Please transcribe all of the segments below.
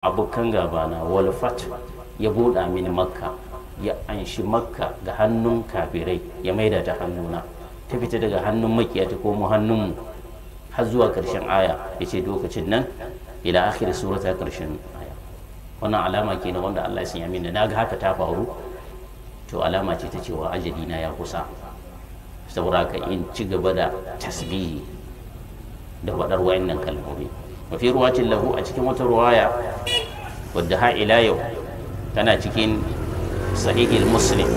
abokan na walfat ya buɗa mini makka ya anshi makka ga hannun kafirai ya maida ta hannuna ta fita daga hannun makiya ta komo hannunmu har zuwa ƙarshen aya ya ce lokacin nan ila akhir surata ƙarshen aya wannan alama ke wanda Allah ya sanya min da naga haka ta faru to alama ce ta cewa ajali na ya kusa saboda ka in ci gaba da tasbihi da faɗar wayannan kalmomi mafi fi ruwatin lahu a cikin wata ruwaya wadda ha ila yau tana cikin sahihil muslim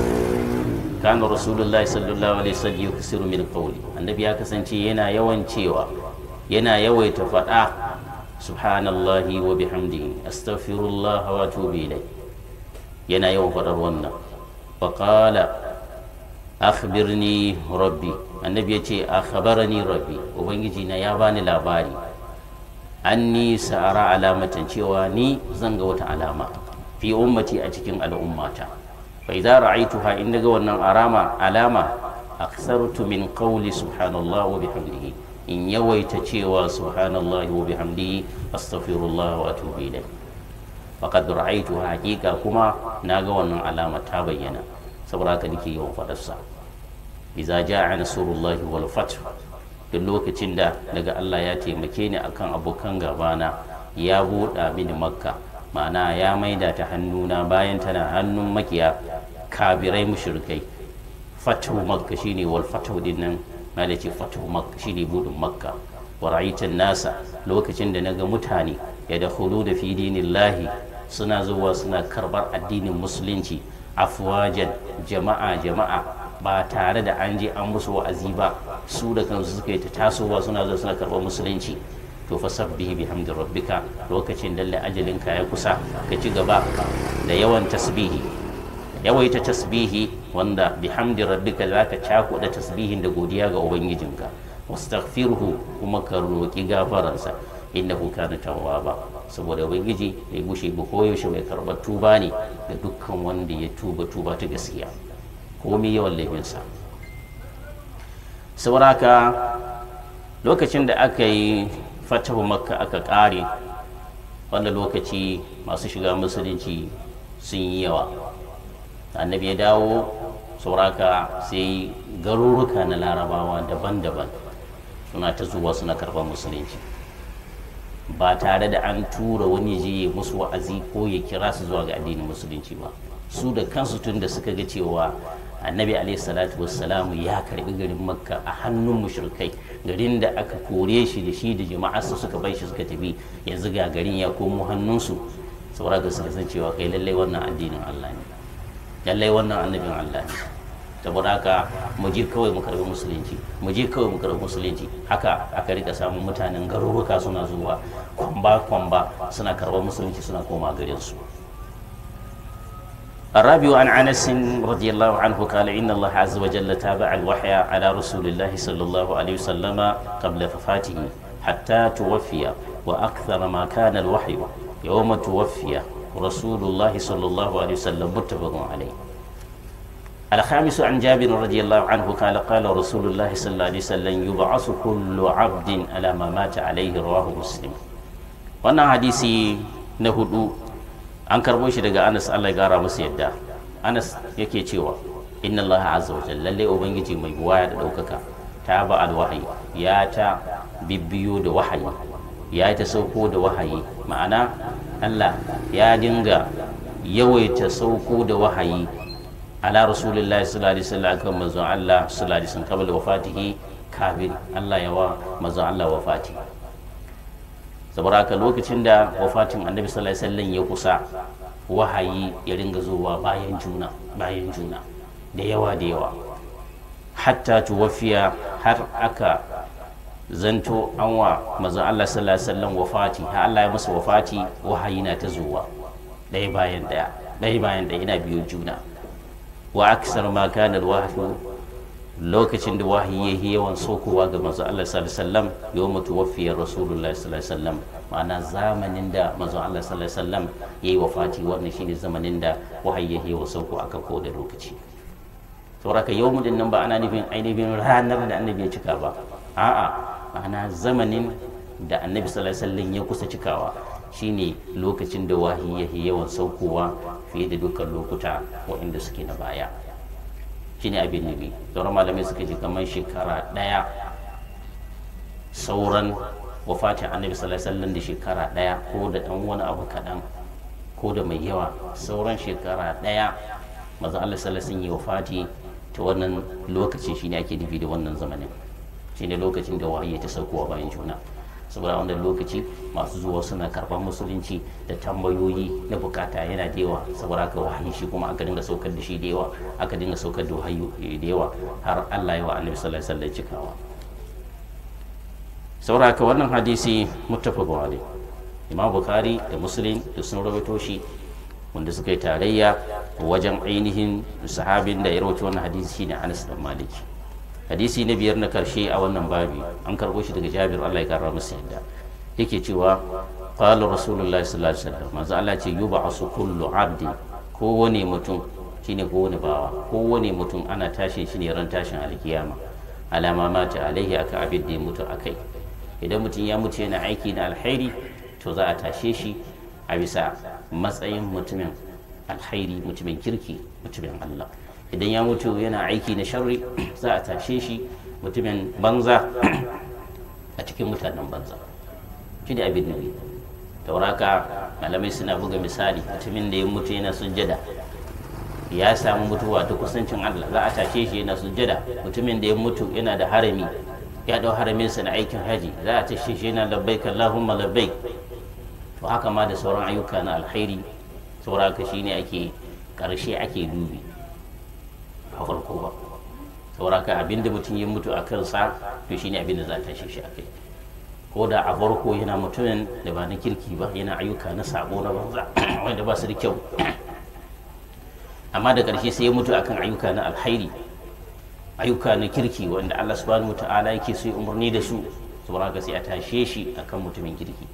kana rasulullahi sallallahu alaihi wasallam yuksiru min qawli annabi ya kasance yana yawan cewa yana yawaita faɗa subhanallahi wa bihamdihi astaghfirullah wa atubu yana yawan faɗar wannan fa qala akhbirni rabbi annabi ya ce akhbarani rabbi ubangiji na ya bani labari anni sa'ara alamatan cewa ni zan ga wata alama fi ummati a cikin al'ummata fa idza ra'aituha in ga wannan arama alama aksartu min qawli subhanallah wa bihamdihi in yawaita cewa subhanallah wa bihamdihi astaghfirullah wa atubu ilayh faqad ra'aituha haqiqa kuma naga wannan alama ta bayyana saboda haka nake yawan fadarsa idza ja'a nasrullahi wal fath da lokacin da daga Allah ya taimake ni akan abokan gaba na ya buɗa mini makka ma'ana ya maida ta hannuna bayan tana hannun makiya kabirai mushrikai fatahu makka shine wal fatahu din nan malaci fatahu makka shine buɗin makka wa ra'aitan nasa lokacin da naga mutane ya da da fi dinillahi suna zuwa suna karbar addinin musulunci afwajan jama'a jama'a ba tare da an je an musu wa'azi ba su da kansu suka yi ta tasowa suna zo suna karɓar musulunci to fa sabbihi bihamdi rabbika lokacin dalle ajalin ka ya kusa ka ci gaba da yawan tasbihi yawaita tasbihi wanda bihamdi rabbika zaka da tasbihin da godiya ga ubangijinka wastaghfirhu kuma ka roƙi gafararsa innahu kana tawwaba saboda ubangiji mai gushe ba koyaushe mai karɓar tuba ne da dukkan wanda ya tuba tuba ta gaskiya komi yawan laifinsa sauraka lokacin da aka yi fatahu makka aka ƙare wanda lokaci masu shiga musulunci sun yi yawa annabi ya dawo sauraka sai garuruka na larabawa daban-daban suna ta zuwa suna karɓar musulunci ba tare da an tura wani je musu wa'azi ko ya kira su zuwa ga addinin musulunci ba su da kansu tun da suka ga cewa annabi alaihi salatu wassalamu ya karbi garin makka a hannun mushrikai garin da aka kore shi da shi da jama'arsa suka bai shi suka tafi yanzu ga garin ya komo hannunsu saura ga suka san cewa kai lallai wannan addinin Allah ne lallai wannan annabin Allah ne saboda haka mu je kawai mu karbi musulunci mu je kawai mu karbi musulunci haka aka rika samun mutanen garuruka suna zuwa kwamba kwamba suna karbar musulunci suna koma garin su الرابع عن أنس رضي الله عنه قال إن الله عز وجل تابع الوحي على رسول الله صلى الله عليه وسلم قبل وفاته حتى توفي وأكثر ما كان الوحي يوم توفي رسول الله صلى الله عليه وسلم متفق عليه الخامس عن جابر رضي الله عنه قال قال رسول الله صلى الله عليه وسلم يبعث كل عبد على ما مات عليه رواه مسلم وانا حديثي نهدو an karbo shi daga anas allah ya gara masa yadda anas yake cewa inna allah azza wa lalle ubangiji mai buwaya da daukaka ta ba alwahayi ya ta bibbiyo da wahayi ya ta sauko da wahayi ma'ana allah ya dinga yawaita sauko da wahayi ala rasulillahi sallallahu alaihi wasallam kan allah sallallahu alaihi wasallam kabla wafatihi kafin allah ya wa allah wafati saboda haka lokacin da wafatin annabi sallallahu alaihi wasallam ya kusa wahayi ya ringa zuwa bayan juna bayan juna da yawa da yawa hatta tuwafiya har aka zanto anwa wa Allah sallallahu alaihi wasallam wafati har Allah ya masa wafati wahayi na ta zuwa ɗaya bayan daya daya bayan daya yana biyo juna wa aksar ma kana alwahyu lokacin da wahayi yi yawan sokowa ga mazu Allah sallallahu alaihi wasallam yawma tuwaffiya rasulullahi sallallahu alaihi wasallam ma'ana zamanin da mazu Allah sallallahu alaihi wasallam yayi wafati wannan shine zamanin da wahayi yi yawan sauko aka ko da lokaci sauraka yau din nan ba ana nufin ainihin ranar da annabi ya cika ba a'a ma'ana zamanin da annabi sallallahu alaihi wasallam ya kusa cikawa shine lokacin da wahayi yi yawan saukowa fiye da dukkan lokuta waɗanda suke na baya shine abin nabi don malamai suka ji kamar shekara ɗaya sauran wafatin annabi sallallahu alaihi da shekara ɗaya ko da ɗan wani abu kaɗan ko da mai yawa sauran shekara ɗaya maza Allah yi alaihi wafati ta wannan lokacin shine ake dubi da wannan zamanin shi ne lokacin da wahayi ta saukowa bayan juna saboda wanda lokaci masu zuwa suna karban musulunci da tambayoyi na bukata yana da yawa saboda haka wahayi shi kuma aka dinga saukar da shi da yawa aka dinga saukar da wahayi da yawa har Allah ya wa annabi sallallahu alaihi wasallam cikawa saboda haka wannan hadisi muttafaqun alaihi imam bukhari da muslim da sun rawaito shi wanda suka yi tarayya wajen ainihin sahabin da ya rawaito wannan hadisi shine Anas bin Malik hadisi na biyar na karshe a wannan babi an karbo shi daga jabir Allah ya karra masa yadda yake cewa qala rasulullahi sallallahu alaihi wasallam manzo Allah ce yub'asu kullu abdi kowane mutum shine kowane bawa kowane mutum ana tashin shi ne ran tashin alkiyama alama mata alaihi aka abin da ya mutu akai idan mutum ya mutu yana aiki na alkhairi to za a tashe shi a bisa matsayin mutumin alkhairi mutumin kirki mutumin Allah idan ya mutu yana aiki na sharri za a tashe shi mutumin banza a cikin mutanen banza shi ne abin nabi tauraka malamai suna buga misali mutumin da ya mutu yana sujjada ya samu mutuwa ta kusancin allah za a tashe shi yana sujjada mutumin da ya mutu yana da harami ya dau haramin sa na aikin haji za a tashe shi yana labbaik allahumma labbaik to haka ma da sauran ayyuka na alkhairi sauraka shine ake karshe ake dubi sauraka abin da mutum ya mutu a kansa to shine abin da za ta shi a kai ko da a farko yana mutumin da ba na kirki ba yana ayyuka na sabo na banza wanda ba su da kyau amma da ƙarshe sai ya mutu akan ayyuka na alhairi ayyuka na kirki wanda Allah subhanahu wata'ala yake su ya umarni da su saboda sai a tashe shi akan mutumin kirki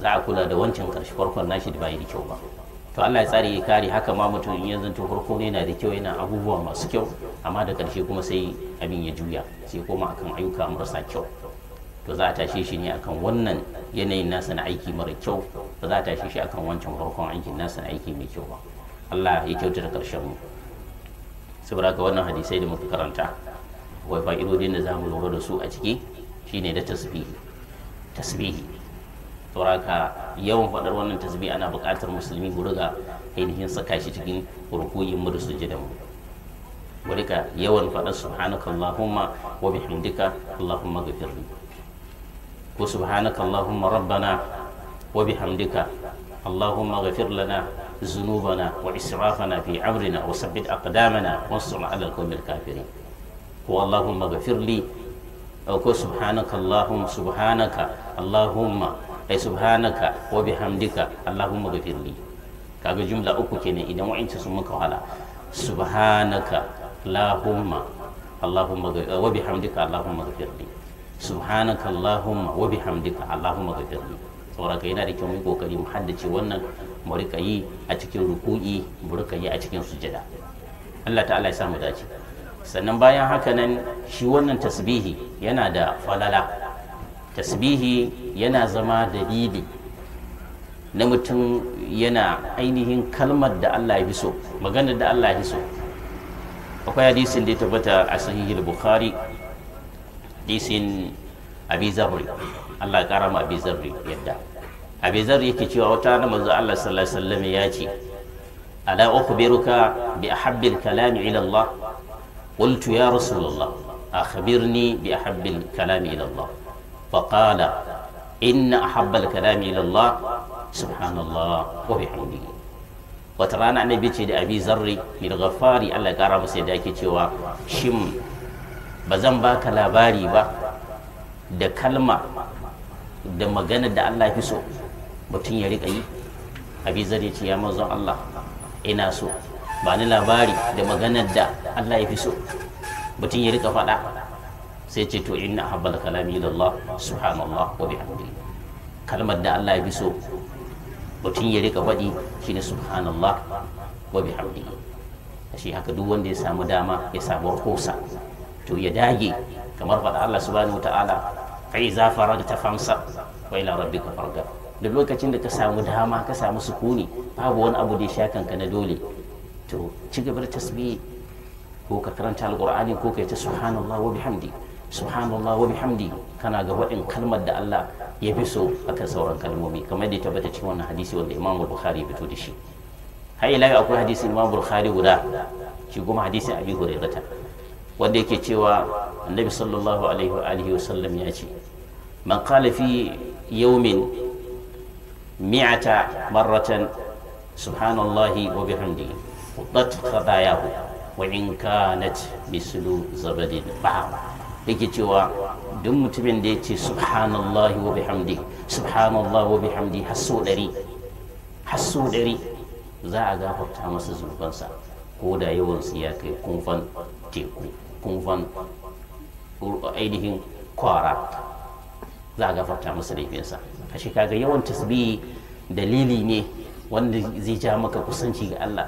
za a kula da wancan karshe farkon nashi da bai da kyau ba to Allah ya tsare ya kare haka ma mutum in yanzu to farko ne yana da kyau yana abubuwa masu kyau amma da karshe kuma sai abin ya juya sai koma akan ayyuka marasa kyau to za a tashe shi ne akan wannan yanayin nasa na aiki mara kyau ba za a tashe shi akan wancan farkon aikin nasa na aiki mai kyau ba Allah ya kyautata karshen mu saboda ga wannan hadisai da muka karanta wai fa'idodin da za mu lura da su a ciki shine da tasbihi tasbihi sauraka yawan faɗar wannan tasbi ana buƙatar musulmi mu riga ainihin saka shi cikin rukuyin mu da sujudan mu mu yawan faɗar subhanaka allahumma wa bihamdika allahumma ghafirli ko subhanaka allahumma rabbana wa bihamdika allahumma ghafir lana fi وإسرافنا في أمرنا وثبت أقدامنا وانصرنا على القوم الكافرين واللهم اغفر لي أو subhanaka اللهم سبحانك اللهم ai subhanaka wa bihamdika allahumma ghafirli kaga jumla uku kenan idan wa'inci sun muka wahala subhanaka allahumma allahumma wa bihamdika allahumma ghafirli subhanaka allahumma wa bihamdika allahumma ghafirli saboda yana da kyau mu kokari mu haddace wannan mu rika yi a cikin ruku'i mu rika yi a cikin sujada Allah ta'ala ya samu dace sannan bayan haka nan shi wannan tasbihi yana da falala tasbihi yana zama dalili na mutum yana ainihin kalmar da Allah ya fi so maganar da Allah ya fi so akwai hadisin da ya tabbata a sahihul bukhari hadisin abi zabri Allah ya kara ma abi zabri yadda abi zabri yake cewa wata na manzo Allah sallallahu alaihi wasallam ya ce ala ukhbiruka bi ahabbil kalam ila Allah qultu ya rasulullah akhbirni bi ahabbil kalam ila Allah فقال إن أحب الكلام إلى الله سبحان الله وبحمده وترانا النبي تشي أبي ذر للغفار الله قال مسيداك تشوا شم بزن باك لاباري با da kalma da magana da Allah fi so mutum ya riƙa yi abi zare ce ya mazan Allah ina so ba ni labari da maganar da Allah ya fi so mutum ya riƙa faɗa sai ce to inna habbal kalami lillah subhanallah wa bihamdi kalmar da Allah ya bi so mutum ya rika faɗi shine subhanallah wa bihamdi shi haka duk wanda ya samu dama ya samu kosa to ya dage kamar faɗa Allah subhanahu wa ta'ala kai iza faragta fansa wa ila rabbika farga da lokacin da ka samu dama ka samu sukuni babu wani abu da ya sha na dole to ci gaba da tasbih ko ka karanta alqur'ani ko ka yi ta subhanallah wa bihamdi subhanallah wa bihamdi kana ga waɗin kalmar da Allah ya fi so akan sauran kalmomi kamar da tabbata cikin wannan hadisi wanda Imam Bukhari fito da shi hayi lai akwai hadisin Imam Bukhari guda shi goma hadisin Abi Hurairah wanda yake cewa Annabi sallallahu alaihi wa alihi wa sallam ya ce man qala fi yawmin mi'ata marratan subhanallahi wa bihamdi qad khadayahu wa in kanat mislu zabadin ba'a. yake cewa duk mutumin da ya ce subhanallah wa bihamdi subhanallah wa bihamdi hasso dari, hasso dari, za a gafarta masa zunubansa ko da yawansu ya kai kunfan teku kunfan ainihin kwara za a gafarta masa laifinsa a kaga yawan tasbihi dalili ne wanda zai ja maka kusanci ga Allah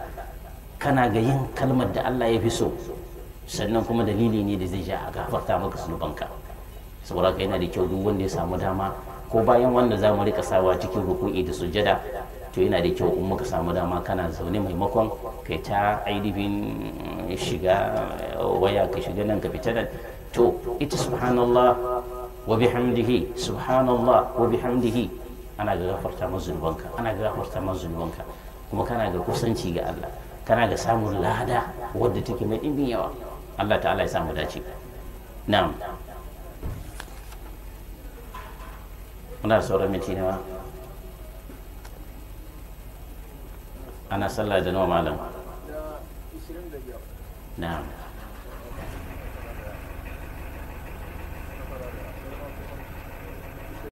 kana ga yin kalmar da Allah ya fi so sannan kuma dalili ne da zai ja a gafarta maka zunubanka saboda ka yana da kyau duk wanda ya samu dama ko bayan wanda za mu rika sawa cikin ruku'i da sujjada to yana da kyau in muka samu dama kana zaune maimakon kai ta ainihin shiga eh, waya ka shiga nan ka fita nan to ita subhanallah wa bihamdihi subhanallah wa bihamdihi ana ga gafarta mazunubanka ana ga gafarta mazunubanka kuma kana ga kusanci ga Allah kana ga samun lada wadda take mai ɗimbin yawa Allah ta'ala ya samu dace na'am muna sauran minti nawa ana sallah da nawa malam na'am